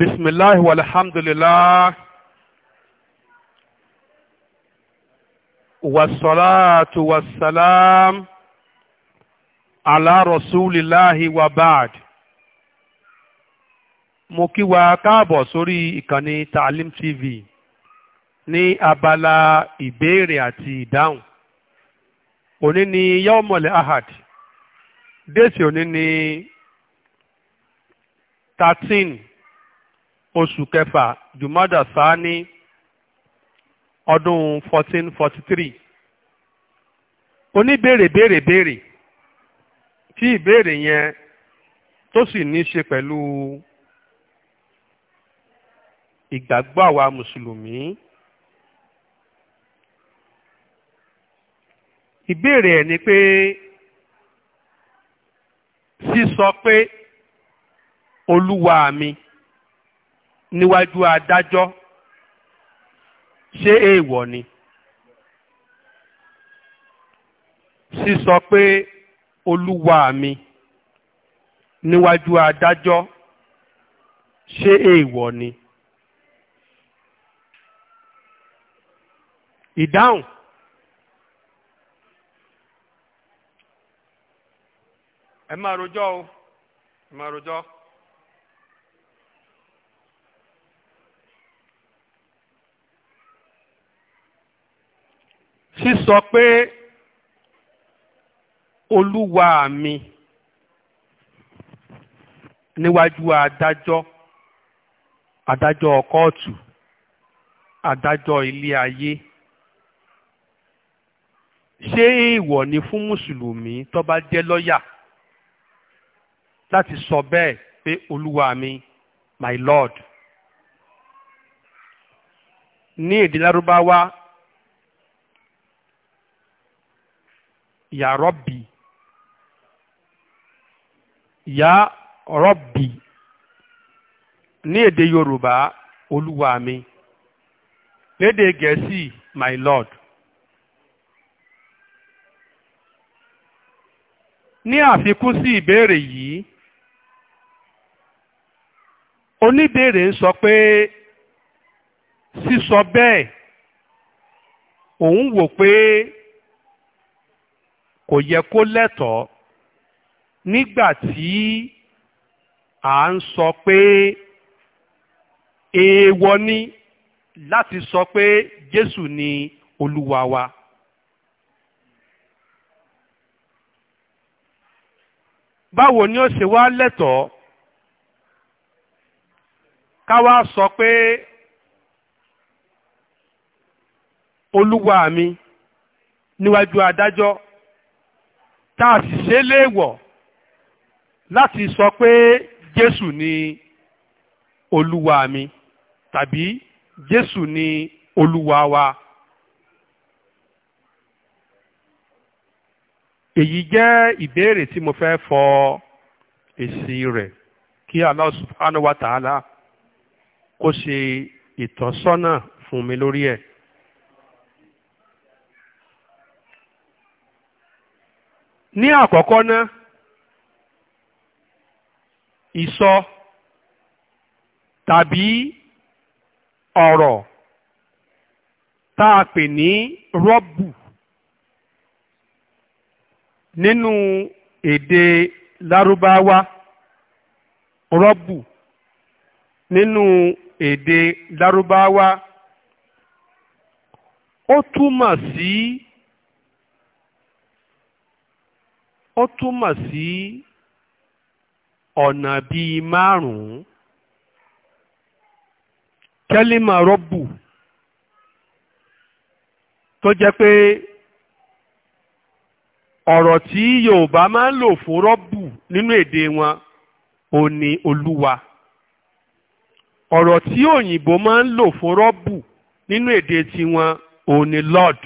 بسم الله والحمد لله والصلاة والسلام على رسول الله وبعد mo kí wa káàbọ̀ sórí ìkànnì Taalim TV ní abala ìbéèrè àti ìdáhùn òní ni yọ́mọ̀lẹ́ ahad déètì òní ni thirteen oṣù kẹfà jùmọ́dà sáání ọdún 1443. forty three oníbèrè béèrè béèrè tí ìbéèrè yẹn tó sì ní í ṣe pẹ̀lú ìgbàgbọ́ àwa mùsùlùmí ìbéèrè ẹ̀ ni pé sísọ pé olúwa mi níwájú adájọ́ ṣé èèwọ̀ ni sísọ pé olúwa mi níwájú adájọ́ ṣé èèwọ̀ ni. ìdáhùn ẹ máa rojọ́ o ẹ máa rojọ́. sísọ pé olúwa mi níwájú adájọ́ adájọ́ kóòtù adájọ́ ilé ayé ṣé èèwọ̀ ni fún mùsùlùmí tó bá jẹ́ lọ́yà láti sọ bẹ́ẹ̀ pé olúwa mi my lord ní èdè lárúbáwá ya Rabbi ya Rabbi ní èdè Yorùbá olúwa mi lédè Gẹ̀ẹ́sì my lord ní àfikún sí ìbéèrè yìí oníbéèrè ń sọ pé sísọ bẹ́ẹ̀ òun wò pé kò yẹ kó lẹ́tọ̀ọ́ nígbà tí à ń sọ pé èèwọ̀ ni láti sọ pé Jésù ni olúwa wa. báwo ni ó ṣe wá lẹ́tọ̀ọ́ ká wá sọ pé olúwa mi níwájú adájọ́ tá a sì ṣe léèwọ̀ láti sọ pé Jésù ni olúwa mi tàbí Jésù ni olúwa wa. èyí jẹ́ ìbéèrè tí mo fẹ́ fọ èsì rẹ̀ kí Allah subhanahu wa kó ṣe ìtọ́sọ́nà fún mi lórí ẹ̀. ní àkọ́kọ́ ná ìsọ tàbí ọ̀rọ̀ tá pè ní rọ́bù nínú èdè lárúbáwá rọ́bù nínú èdè lárúbáwá ó túmọ̀ sí. Si ó túmọ̀ sí ọ̀nà bíi márùn-ún kẹ́límà rọ́bù tó jẹ́ pé ọ̀rọ̀ tí Yorùbá máa ń lò fún rọ́bù nínú èdè wọn ò ní olúwa ọ̀rọ̀ tí òyìnbó máa ń lò fún rọ́bù nínú èdè tiwọn ò ní lord.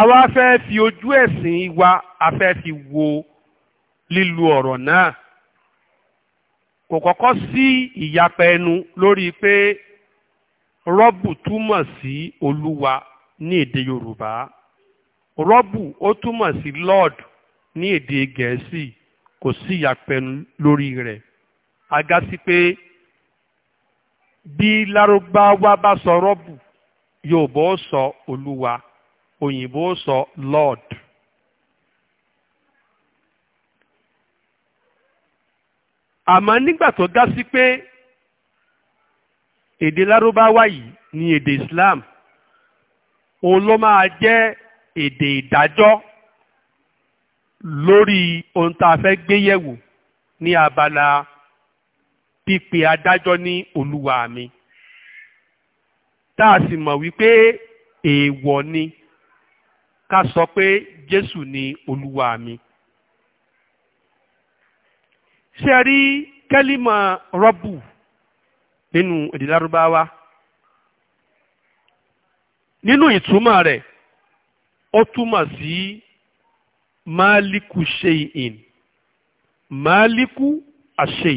àwa fẹ́ fi ojú ẹ̀sìn wa a fẹ́ fi wo lílu ọ̀rọ̀ náà kò kọ́kọ́ sí ìyapa ẹnu lórí pé rọ́bù túmọ̀ sí olúwa ní èdè Yorùbá rọ́bù ó túmọ̀ sí lord ní èdè Gẹ̀ẹ́sì kò sí ìyapa ẹnu lórí rẹ̀ aga sí pé bí Lárúbáwá bá sọ rọ́bù Yorùbá ó sọ olúwa. So òyìnbó sọ lord àmọ́ nígbà tó dá sí pé èdè lárúbáwá yìí ni èdè islam òun ló máa jẹ́ èdè ìdájọ́ lórí ohun tá a fẹ́ gbé yẹ̀wò ní abala pípe adájọ́ ní olúwa mi tá a sì mọ̀ wípé èèwọ̀ ni. E ká sọ pé Jésù ni olúwa mi ṣé ẹ rí kẹ́límà rọ́bù nínú èdè lárúbáwá nínú ìtumọ̀ rẹ̀ ó túmọ̀ sí máàlíkù ṣe'in máàlíkù àṣe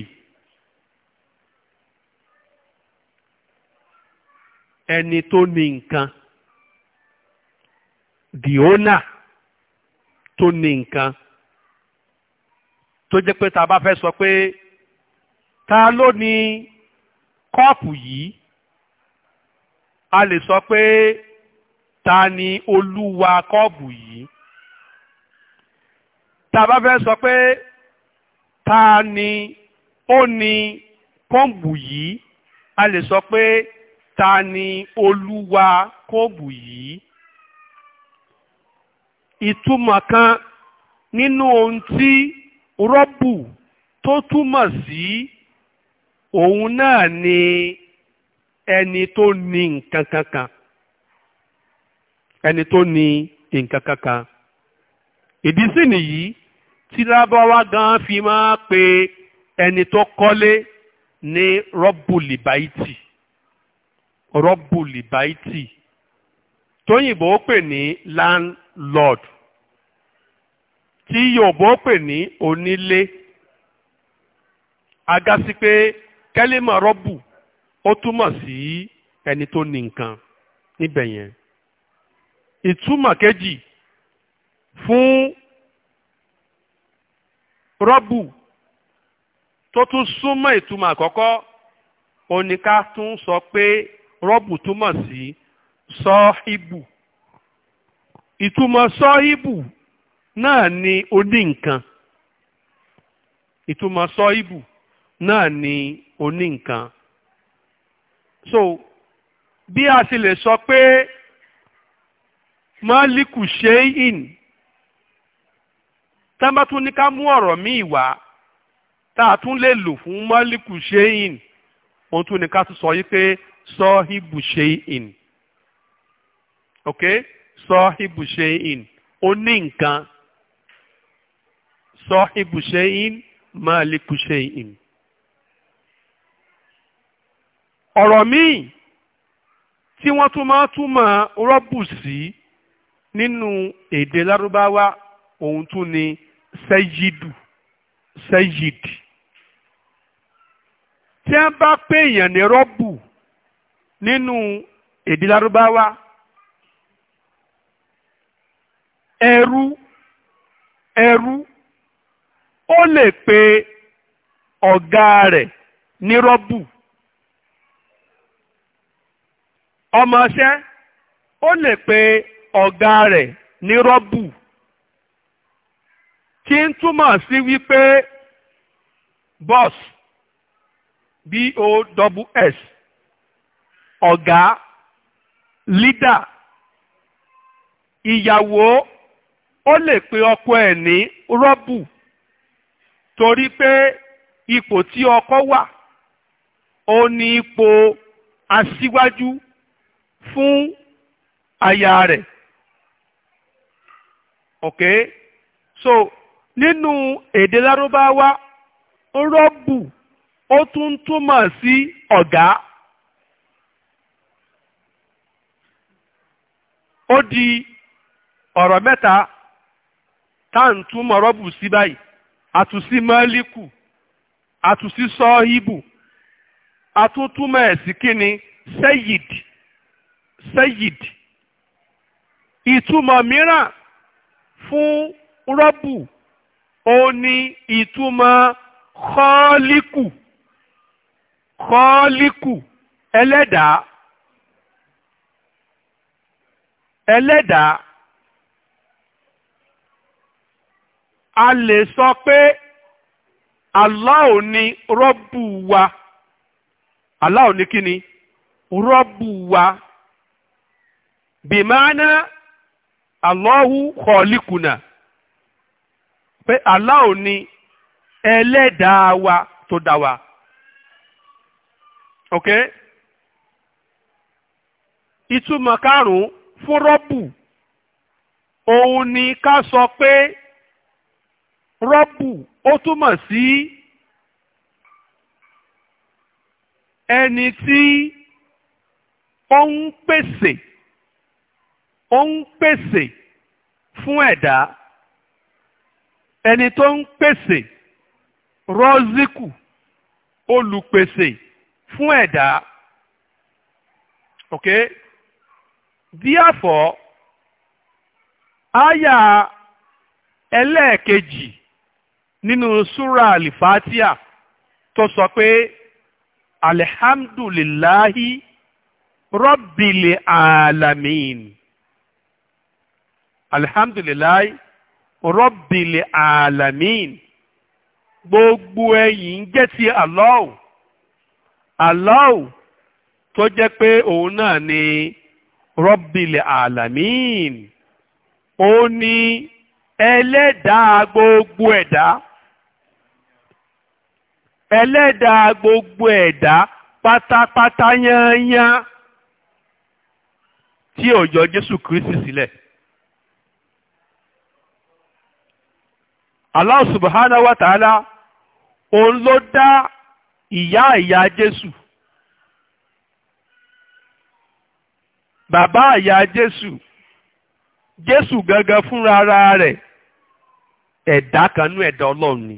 ẹni tó ní nǹkan the owner tó ní nǹkan tó jẹ́ pé tá a bá fẹ́ sọ pé ta ló ní kọ́ọ̀pù yìí a lè sọ pé ta ni olúwa kọ́ọ̀pù yìí tá bá fẹ́ sọ pé ta ni ó ní kọ́ọ̀pù yìí a lè sọ pé ta ni olúwa kọ́ọ̀pù yìí ìtumọ̀ kan nínú ohun tí rọ́bù tó túmọ̀ sí òun náà ni ẹni tó ní nǹkan kankan ẹni tó ní nǹkan kankan ìdí sì nìyí tí lábáwá gan fi máa pe ẹni tó kọ́lé ní rọ́bù lìbáìtì rọ́bù lìbáìtì tóyìnbó pè ní landlord tí Yorùbá pè ní onílé agasi pé kẹ́límà rọ́bù ó túmọ̀ sí ẹni tó ní nǹkan níbẹ̀ yẹn ìtumọ̀ kejì fún rọ́bù tó tún súnmọ́ ìtumọ̀ àkọ́kọ́ oníká tún sọ pé rọ́bù túmọ̀ sí sọ́híbù ìtumọ̀ sọ́híbù náà ni oní nǹkan ìtumọ̀ sọ́ìbù náà ni oní so bí a sì lè sọ pé mọ́líkù ṣe in tá bá tún ní ká mú ọ̀rọ̀ míì wá tá a tún lè lò fún mọ́líkù ṣe òun tún ní ká tún sọ yìí pé sọ́ìbù ṣe in ok sọ́ìbù ṣe in oní nǹkan sọ́hìbù ṣẹ́yìn máàlíkù ṣẹ́yìn. ọ̀rọ̀ míì tí wọ́n tún máa túmọ̀ rọ́bù sí nínú èdè lárúbáwá òun tún ni sẹ́yìdù sẹ́yìdì tí a bá pè èèyàn ní rọ́bù nínú èdè lárúbáwá ẹrú ẹrú ó lè pe ọ̀gá rẹ̀ ní rọ́bù ọmọọṣẹ́ ó lè pe ọ̀gá rẹ̀ ní rọ́bù tí ń túmọ̀ sí boss b-o-w-s ọ̀gá leader ìyàwó ó lè pe ọkọ ẹ̀ ní rọ́bù torí pé ipò tí ọkọ wà ó ní ipò aṣíwájú fún aya rẹ̀ ok so nínú èdè lárúbáwá rọ́bù ó tún túmọ̀ sí ọ̀gá. ó di ọ̀rọ̀ mẹ́ta tá à ń túmọ̀ rọ́bù sí báyìí àtúnsí mọ́líkù àtúnsí sọ́ọ́híbù àtúntúmọ̀ ẹ̀ sí kíni sẹ́yìd sẹ́yìd ìtumọ̀ mìíràn fún rọ́bù ó ní ìtumọ̀ kọ́ọ́líkù kọ́ọ́líkù ẹlẹ́dàá ẹlẹ́dàá a lè sọ pé Allah ni rọ́bù wa Allah ni kí ni rọ́bù wa bìmánà Allahu kọ̀ọ̀lìkùnà pé Allah ni ẹlẹ́dàá wa tó dá wa. ok ìtumọ̀ karùn-ún fún rọ́bù òun ni ká sọ pé rọ́bù ó túmọ̀ sí ẹni tí ó ń pèsè ó ń pèsè fún ẹ̀dá ẹni tó ń pèsè rọ́zíkù olùpèsè fún ẹ̀dá ok therefore aya ẹlẹ́ẹ̀kejì nínú súra alifatia tó sọ pé alihamdulilahi rọ́bìlì alamin alihamdulilahi rọ́bìlì alamin gbogbo ẹ̀yìn jẹ́ ti Allah Allah tó jẹ́ pé òun náà ni rọ́bìlì alamin ó ní ẹlẹ́dàá gbogbo ẹ̀dá. E ẹlẹ́dàá gbogbo ẹ̀dá pátápátá yányán tí ò yọ Jésù Kristi sílẹ̀. Allah subhanahu wa ta'ala òun ló dá ìyá ìyá Jésù bàbá ìyá Jésù Jésù gangan fúnra rẹ̀ ẹ̀dá kanú ẹ̀dá Ọlọ́run ni.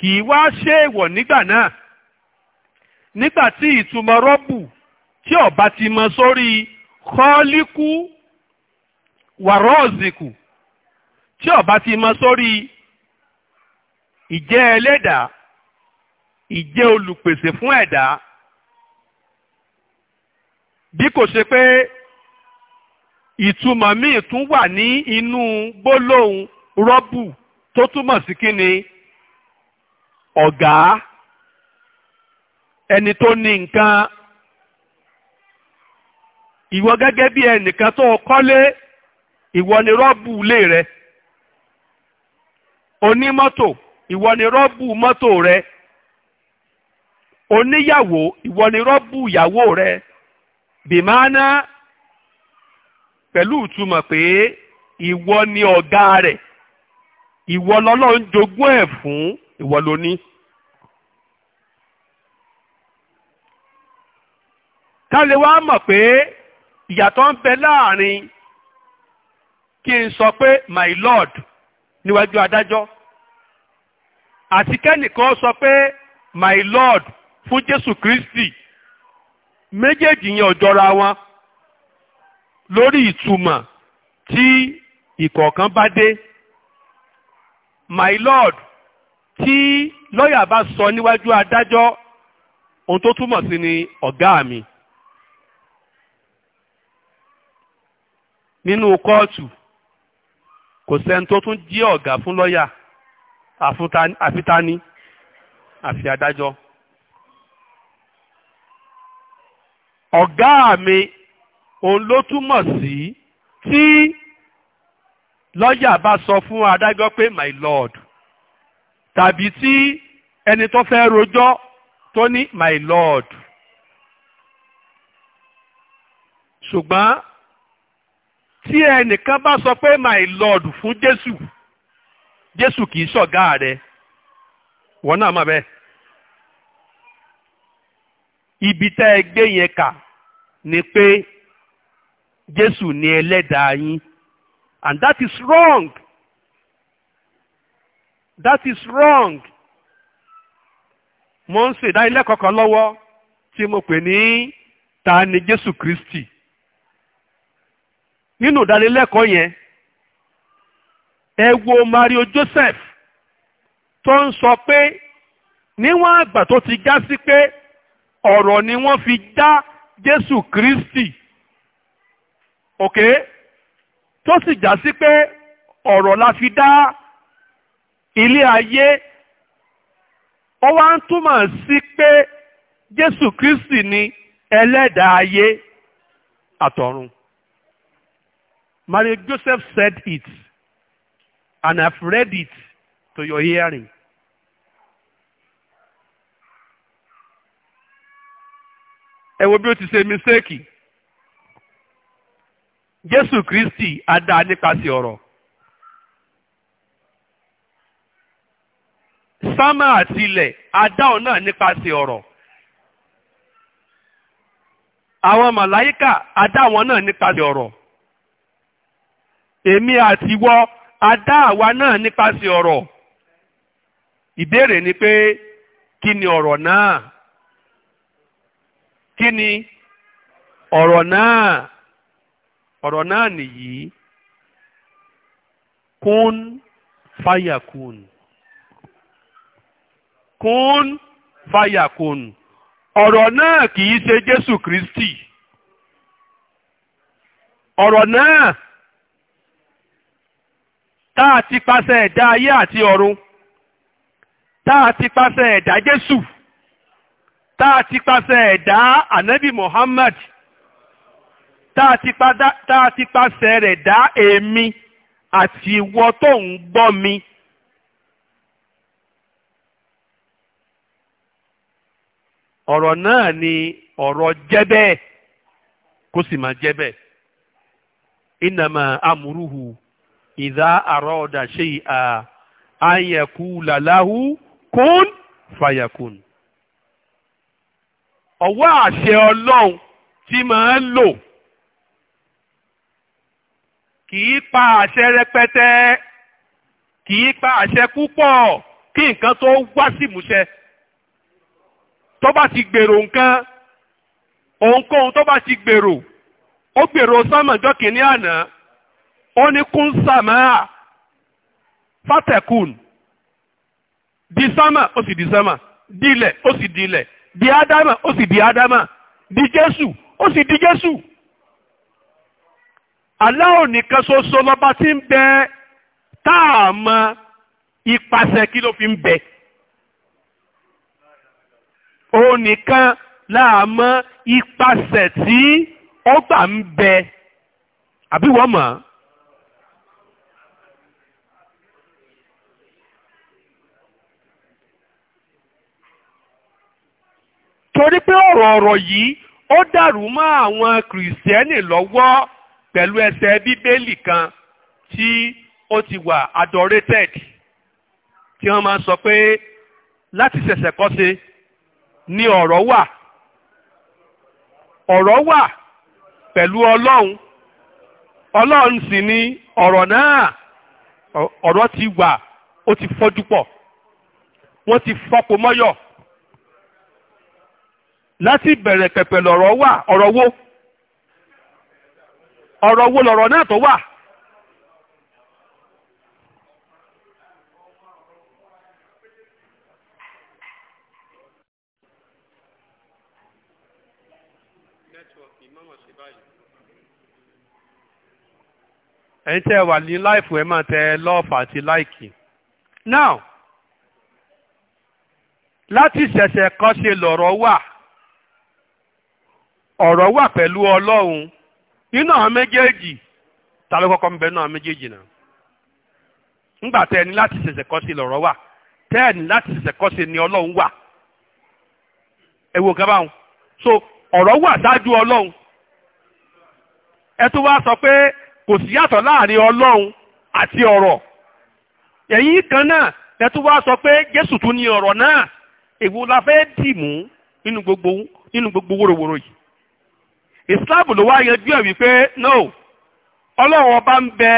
kì í wá ṣe èèwọ̀ nígbà náà nígbà tí ìtumọ̀ rọ́bù tí ọba ti mọ sórí kọ́ọ́líkù wàrọ́ọ̀zìkù tí ọba ti mọ sórí ìjẹ́ ẹlẹ́dàá ìjẹ́ olùpèsè fún ẹ̀dá bí kò ṣe pé ìtumọ̀ míì tún wà ní inú gbólóhùn rọ́bù tó túmọ̀ sí kí ni. ọ̀gá ẹni tó ní nǹkan ìwọ gẹ́gẹ́ bí ẹnìkan tó kọ́lé ìwọ ni rọ́bù ilé rẹ onímọ́tò ìwọ ni rọ́bù mọ́tò rẹ oníyàwó ìwọ ni rọ́bù ìyàwó rẹ bìmánà pẹ̀lú ìtumọ̀ pé ìwọ ni ọ̀gá rẹ̀ ìwọ lọ́lọ́ ń jogún ẹ̀ fún. ìwọ ló ní. ká lè wá mọ̀ pé ìyàtọ̀ ń bẹ láàrin kí n sọ pé my lord níwájú adájọ́ àti kẹ́nìkan sọ pé my lord fún Jésù Kristi méjèèjì yẹn ò jọra wọn lórí ìtumọ̀ tí ìkọ̀ọ̀kan bá dé my lord tí lọ́ọ̀yà bá sọ níwájú adájọ́ ohun tó túmọ̀ sí ni ọ̀gá mi nínú kóòtù kò sẹ́ni tó tún jẹ́ ọ̀gá fún lọ́ọ̀yà àfitani àfi adájọ́ ọ̀gá mi òun ló túmọ̀ sí tí lọ́ọ̀yà bá sọ fún adájọ́ pé my lord tàbí tí ẹni tó fẹ́ rojọ́ tó ní my lord ṣùgbọ́n tí ẹnìkan bá sọ pé my lord fún jésù jésù kì í ṣọ̀gá rẹ̀ wọ́n náà mọ̀ bẹ́ẹ̀ ibi tẹ́ ẹ gbé yẹn kà ni pé jésù ni ẹlẹ́dàá yín and that is wrong that is wrong mo ń ṣe ìdánilẹ́kọ̀ọ́ kan lọ́wọ́ tí mo pè ní ta ni Jésù Kristi nínú ìdánilẹ́kọ̀ọ́ yẹn ẹ wo Mario Joseph tó ń sọ pé níwọ̀n àgbà tó ti já sí pé ọ̀rọ̀ ni wọ́n fi dá Jésù Kristi òkè tó sì já sí pé ọ̀rọ̀ la fi dá ilé ayé ó wá ń túmọ̀ sí pé Jésù Kristi ni ẹlẹ́dàá ayé àtọ̀run. Mario Joseph said it and I've read it to your hearing. ẹ wo bí ó ti ṣe mistake Jésù Kristi adá nípasẹ̀ ọ̀rọ̀ sámà àti ilẹ̀ adáhùn náà nípasẹ̀ ọ̀rọ̀ àwọn màláyíkà adáwọn náà nípasẹ̀ ọ̀rọ̀ èmi àti wọ adá àwa náà nípasẹ̀ ọ̀rọ̀ ìbéèrè ni pé kí ni ọ̀rọ̀ náà kí ni ọ̀rọ̀ náà ọ̀rọ̀ náà nìyí kún fáyà kún. kún fàyàkùn ọ̀rọ̀ náà kì í ṣe Jésù Kristi ọ̀rọ̀ náà tá a ti pàṣẹ ẹ̀dá ayé àti ọ̀run tá a ti pàṣẹ ẹ̀dá Jésù tá a ti pàṣẹ ẹ̀dá Ànábì Muhammad tá a ti pàṣẹ rẹ̀ dá èmi àti ìwọ tó ń gbọ́ mi ọ̀rọ̀ náà ni ọ̀rọ̀ jẹ́ bẹ́ẹ̀ kó sì máa jẹ́ bẹ́ẹ̀ ìnàmà amúrúhu ìdá àrọ́ọ̀dà ṣe à ayẹ̀kú làláhù kún fàyàkùn. ọwọ́ àṣẹ ọlọ́run tí máa ń lò kì í pa àṣẹ rẹpẹtẹ kì í pa àṣẹ púpọ̀ kí nǹkan tó wá sí ìmúṣẹ. Si tó bá ti gbèrò nǹkan ohunkóhun tó bá ti gbèrò ó gbèrò sámọ̀jọ́ kìíní àná ó ní kún sàmáà fátẹ̀kùn di sámà ó sì di sámà di ilẹ̀ ó sì di ilẹ̀ di ádámà ó sì di ádámà di jésù ó sì di jésù. aláwọ̀ nìkan ṣoṣo lọ́ba tí ń bẹ tá ipasẹ̀ kí ló fi ń bẹ òun nìkan láàmọ́ ipasẹ̀ tí ó gbà ń bẹ àbí wọ́n mọ̀ ọ́. torí pé ọ̀rọ̀ ọ̀rọ̀ yìí ó dàrú mọ́ àwọn kìrìsìtẹ́nì lọ́wọ́ pẹ̀lú ẹsẹ̀ bíbélì kan tí ó ti wà adorated tí wọ́n máa ń sọ pé láti ṣẹ̀ṣẹ̀ kọ́ sí i. ni ọ̀rọ̀ wà ọ̀rọ̀ wà pẹ̀lú ọlọ́run ọlọ́run sì ni ọ̀rọ̀ náà ọ̀rọ̀ ti wà ó ti fọ́jú pọ̀ wọ́n ti fọ́po mọ́yọ̀ láti bẹ̀rẹ̀ pẹ̀pẹ̀ lọ̀rọ̀ wà ọ̀rọ̀ wo ọ̀rọ̀ wo lọ̀rọ̀ náà tó wà. nẹ́tíwọ̀kì mọ́mọ́ sí báyìí. ẹ̀yin tẹ́ ẹ wà ẹ máa tẹ àti láìkì. now láti ṣẹ̀ṣẹ̀ kan ṣe lọ̀rọ̀ wà ọ̀rọ̀ wà pẹ̀lú ọlọ́run nínú àwọn méjèèjì ta ló kọ́kọ́ ń bẹ náà méjèèjì náà ńgbà tẹ́ ẹni láti ṣẹ̀ṣẹ̀ kọ́ sí lọ́rọ̀ wà tẹ́ ni ọlọ́run wà ẹ gaba so ọ̀rọ̀ wà dájú ọlọ́run ẹ tó wá sọ pé kò sí yàtọ̀ láàrin ọlọ́run àti ọ̀rọ̀ ẹ̀yin kan náà ẹ tó wá sọ pé jésù tún ní ọ̀rọ̀ náà èwo la fẹ́ dì mú nínú gbogbo nínú gbogbo wóróworó yìí islam ló wá yanjú ẹ̀ wípé no ọlọ́run ọba ń bẹ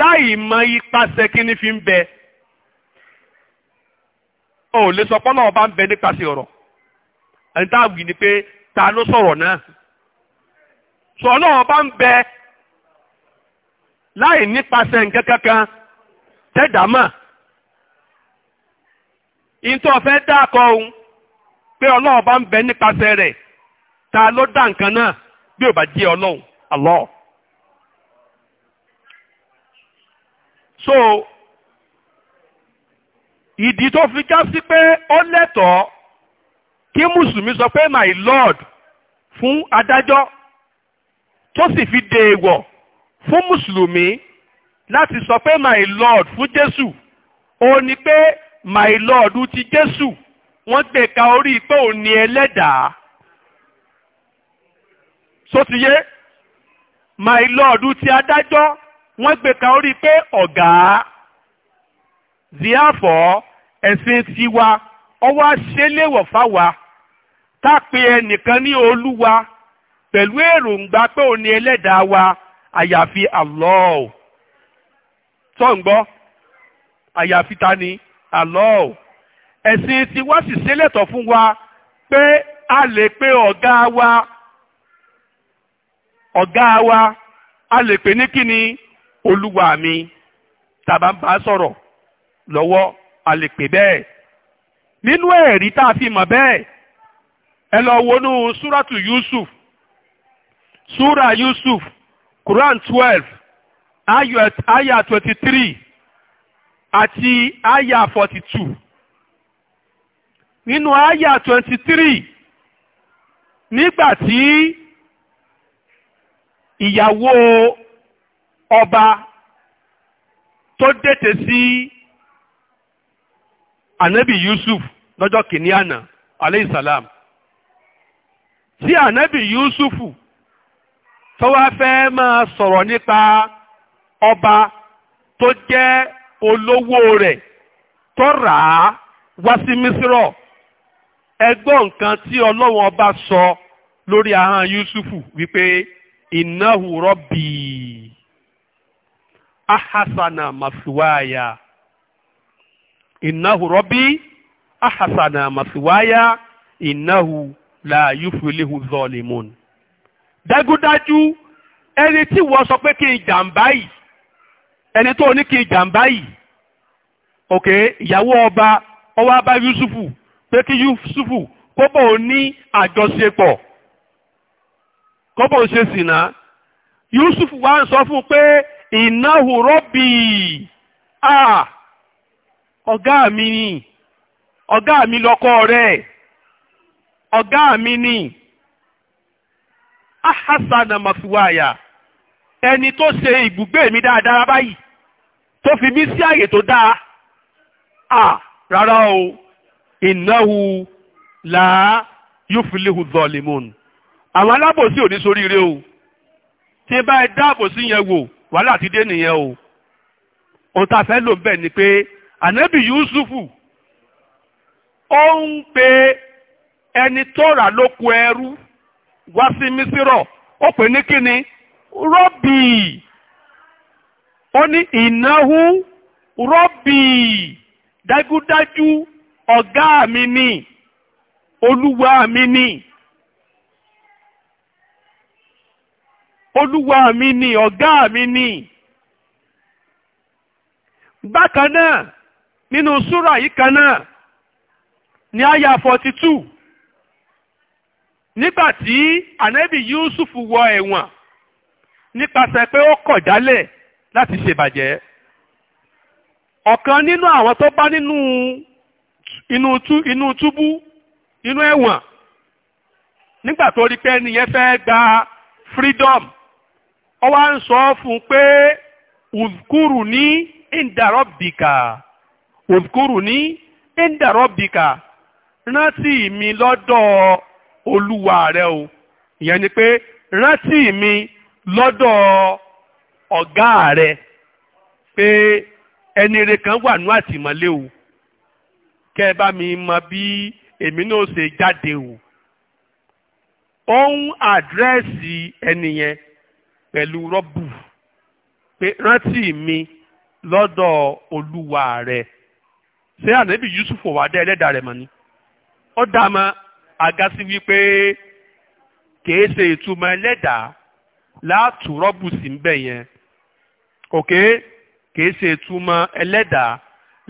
láì mọ ipasẹ̀ kíní fi ń bẹ ò lè sọ pé ọlọ́run ọba ń bẹ nípasẹ̀ ọ̀rọ̀ ẹni tá a wì ni pé ta ló sọ̀rọ̀ náà sọ ọlọ́run bá ń bẹ láì nípasẹ̀ nǹkan kankan tẹ́dàmọ̀ ìtọ́ fẹ́ dákọ̀ ohun pé ọlọ́run bá ń bẹ nípasẹ̀ rẹ̀ ta ló dá nǹkan náà bí ò bá jẹ́ ọlọ́run Allah. so ìdí tó fi já sí pé ó lẹ́tọ̀ọ́ kí mùsùlùmí sọ pé my lord fún adájọ́ tó sì fi dèèwọ̀ fún mùsùlùmí láti sọ pé my lord fún jésù ó ní pé my lord ti jésù wọ́n gbé e ka orí pé òun ni ẹlẹ́dàá sótìyé my lord ti adájọ́ wọ́n gbé e ka orí pé ọ̀gá ziafọ́ ẹ̀sìn tiwa ọwọ́ aṣẹ́léwọ̀ fáwa ká pe ẹnìkan ní olúwa pẹ̀lú èròǹgbà pé òun ni ẹlẹ́dàá wa àyàfi Allah tó ń gbọ́ àyàfi ta ni Allah ẹ̀sìn tí wá sì sílẹ̀tọ̀ fún wa pé a lè pe ọ̀gá wa ọ̀gá wa a lè pè ní kíni olúwa mi tàbá ń bá sọ̀rọ̀ lọ́wọ́ a lè pè bẹ́ẹ̀ nínú ẹ̀rí tá a fi mọ̀ bẹ́ẹ̀ ẹ lọ wọnú súràtù yusuf súrà yusuf quran twelve aya twenty three àti aya forty two nínú aya twenty three nígbà tí ìyàwó ọba tó dètè sí anabi yusuf lọ́jọ́ kìíní àná aleyhisalaam tí ànábì Yusufu tó wá fẹ́ máa sọ̀rọ̀ nípa ọba tó jẹ́ olówó rẹ̀ tó rà á wá sí Mísírọ̀ ẹ nǹkan tí ọlọ́run ọba sọ lórí ahọ́n Yusufu wípé innahu rabbi ahasana masuwaya innahu rabbi ahasana masuwaya innahu. la yufulihu zọlimun. dájúdájú ẹni tí wọ́n sọ pé kí n jàǹbá yìí ẹni tó ní kí n jàǹbá yìí òkè ìyàwó ọba ọwọ́ abá yusufu pé kí yusufu kó bò ó ní àjọṣepọ̀ kó bò ṣe sìnà yusufu wá ń sọ fún un pé ìnáhù rọ́bì ah, ọ̀gá mi ọ̀gá mi lọ́kọ rẹ̀ ọ̀gá mi ni ahasana mafiwaya ẹni tó ṣe ibùgbé mi dáadáa báyìí tó fi mí sí àyè tó dáa à rárá o ìnáwó làá yóò fi léhu zọlímùn àwọn alábòsí ò ní ṣoríire o tí bá ẹ dáàbòsí yẹn wò wàhálà ti dé nìyẹn o ohun tá a fẹ́ lò ń bẹ̀ ni pé ànábì yusufu ó ń pe ẹni tó rà lóko ẹrú wá sí mísírọ̀ ó pè ní kíni rọ́bì ó ní ìnáwó rọ́bì dájúdájú ọ̀gá mi ni olúwa mi ni olúwa mi ni ọ̀gá mi ni bákan náà nínú nígbà tí ànábì wọ ẹ̀wọ̀n nípasẹ̀ pé ó láti ṣèbàjẹ́ ọ̀kan nínú àwọn tó bá nínú inú túbú inú ẹ̀wọ̀n nígbà tó rí pé ẹni gba freedom ó wá ń sọ fún pé ùkúrù ní ìdàrọ́bìkà ùkúrù ní rántí olúwa rẹ o ìyẹn ni pé rántí mi lọ́dọ̀ ọ̀gá rẹ pé ẹni rẹ kan wà ní àtìmọ́lé o kẹ́ ẹ bá mi mọ bí èmi náà ṣe jáde o ó ń àdírẹ́sì ẹni yẹn pẹ̀lú rọ́bù pé rántí mi lọ́dọ̀ olúwa rẹ ṣé ànábì Yusuf wà dé ẹlẹ́dàá rẹ̀ mọ́ ni ó dá a mọ́. agasi wípé kìí ṣe ìtumọ̀ ẹlẹ́dàá látùrọ́bù sí ń yẹn ok kìí ṣe ìtumọ̀ ẹlẹ́dàá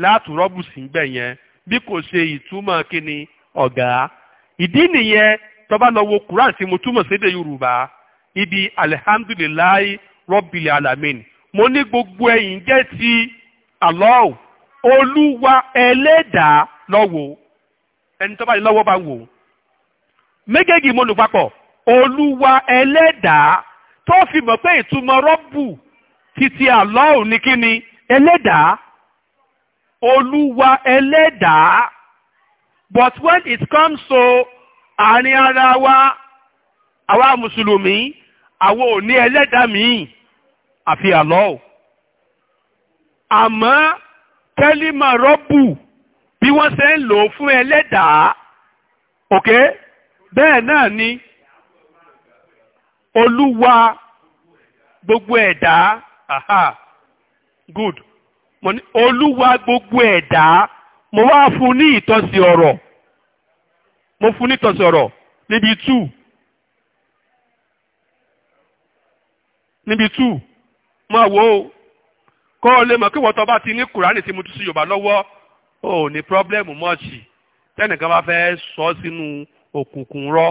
látùrọ́bù sí ń yẹn bí kò ṣe ìtumọ̀ kíni ọ̀gá ìdí nìyẹn lọ ibi rọ́bìlì alamin mo ní gbogbo ẹ̀yìn jẹ́ ti olúwa ẹlẹ́dàá lọ́wọ́ ẹni méjèèjì mo lù papọ̀ olúwa ẹlẹ́dàá tó fi mọ̀ pé ìtumọ̀ rọ́bù títí àlọ́ òní kíni ẹlẹ́dàá olúwa ẹlẹ́dàá but when it comes to àárín ara wa àwa mùsùlùmí àwọn ò ní ẹlẹ́dàá míì àfi àlọ́ ò àmọ́ kẹ́límà rọ́bù bí wọ́n ṣe ń lò fún ẹlẹ́dàá okay bẹ́ẹ̀ náà ni olúwa gbogbo ẹ̀dá aha good mo olúwa gbogbo ẹ̀dá mo wá fún ní ìtọ́sí ọ̀rọ̀ mo fún ní ìtọ́sí ọ̀rọ̀ níbi two níbi two máa wò ó kọ́ ọ lè mọ̀ kí wọ́n tọ́ bá ti ní kùránì tí mo tún sí yorùbá lọ́wọ́ ò ní pírọ́blẹ́mù mọ́ọ̀sì tẹ́nìkan bá fẹ́ sọ sínú. So òkùnkùn rọ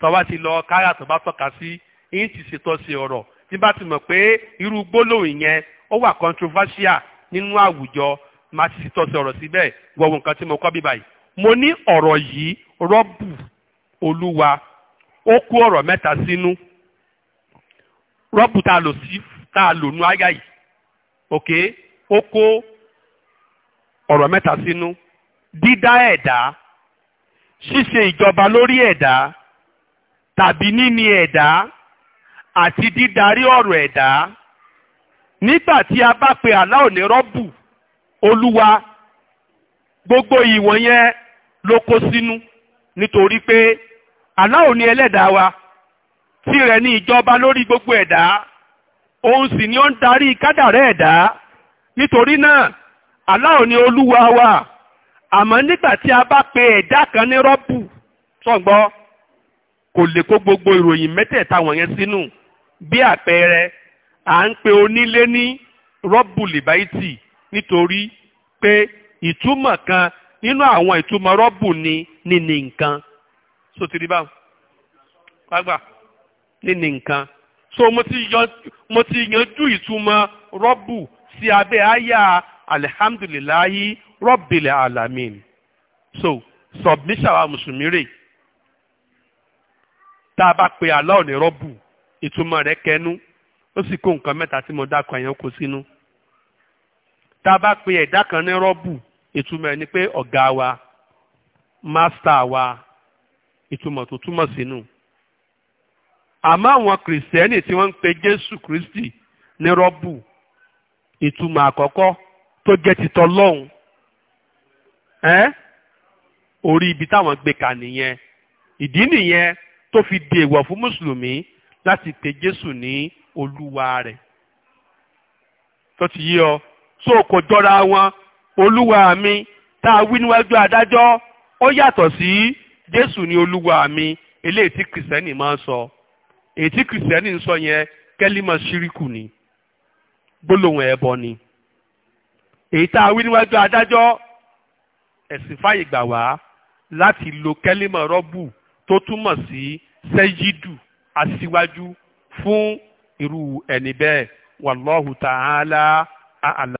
tọ́wá ti lọ káyà tó bá tọ́ka sí èyí ti ṣètọ́sí ọ̀rọ̀ tí bá ti mọ̀ pé irú gbólóhùn yẹn ó wà controversial nínú àwùjọ máa ti ṣètọ́sí ọ̀rọ̀ síbẹ̀ gbọ̀wọ̀ nǹkan tí mo kọ́ bí báyìí mo ní ọ̀rọ̀ yìí rọ́bù olúwa ó kó ọ̀rọ̀ mẹ́ta sínú rọ́bù tá a lò sí tá a lò nú áyà yìí ok ó kó ọ̀rọ̀ mẹ́ta sínú dídá ẹ̀dá. E ṣíṣe ìjọba lórí ẹ̀dá tàbí níní ẹ̀dá àti dídarí ọ̀rọ̀ ẹ̀dá nígbà tí a bá pe àlá òní rọ́bù olúwa gbogbo ìwọ̀nyẹn ló kó sínú nítorí pé àlá òní ẹlẹ́dàá wa tirẹ̀ ní ìjọba lórí gbogbo ẹ̀dá òun sì ni ó ń darí kádàrá ẹ̀dá nítorí náà àlá òní olúwa wa àmọ́ nígbà tí a bá pe ẹ̀dá kan ní rọ́bù sọ̀gbọ́ kò lè kó gbogbo ìròyìn mẹ́tẹ̀ẹ̀ta wọ̀nyẹn sínú bí àpẹẹrẹ à ń pe onílé ní rọ́bù lìbáìtì nítorí pé ìtumọ̀ kan nínú àwọn ìtumọ̀ rọ́bù ni níní nǹkan so ti rí báwọn gbàgbà níní nǹkan so mo ti yan mo ti yanjú ìtumọ̀ rọ́bù sí abẹ́ àyà alihamdulilayi Rabbil alamin so submission wa mùsùlùmí rè tá a bá pe Allah ní rọ́bù ìtumọ̀ rẹ̀ kẹnu ó sì kó nǹkan mẹ́ta tí mo dákọ̀ yẹn kó sínú tá a bá pe ẹ̀dá kan ní rọ́bù ìtumọ̀ ẹ̀ ni pé ọ̀gá wa mástà wa ìtumọ̀ tó túmọ̀ sínú àmọ́ àwọn kìrìsìtẹ́nì tí wọ́n ń pe Jésù Kristi ní rọ́bù ìtumọ̀ àkọ́kọ́ tó jẹ́ titọ́ lọ́hùn ẹ́ orí ibi táwọn gbé ka nìyẹn ìdí nìyẹn tó fi di èèwọ̀ fún mùsùlùmí láti pe Jésù ní olúwa rẹ̀ tó ti yí ọ tó kò jọra wọn olúwa mi tá a wí níwájú adájọ́ ó yàtọ̀ sí Jésù ní olúwa mi eléyìí tí kìrìsìtẹ́nì máa ń sọ èyí tí kìrìsìtẹ́nì ń sọ yẹn kẹ́límà ṣíríkù ni gbólóhùn ẹ̀bọ ni èyí tá a wí níwájú adájọ́ ẹ̀sìn fàyè gbà wá láti lo kẹ́límọ̀ rọ́bù tó túmọ̀ sí sẹ́yídù aṣíwájú fún irú ẹni bẹ́ẹ̀ wàlọ́hù àlà.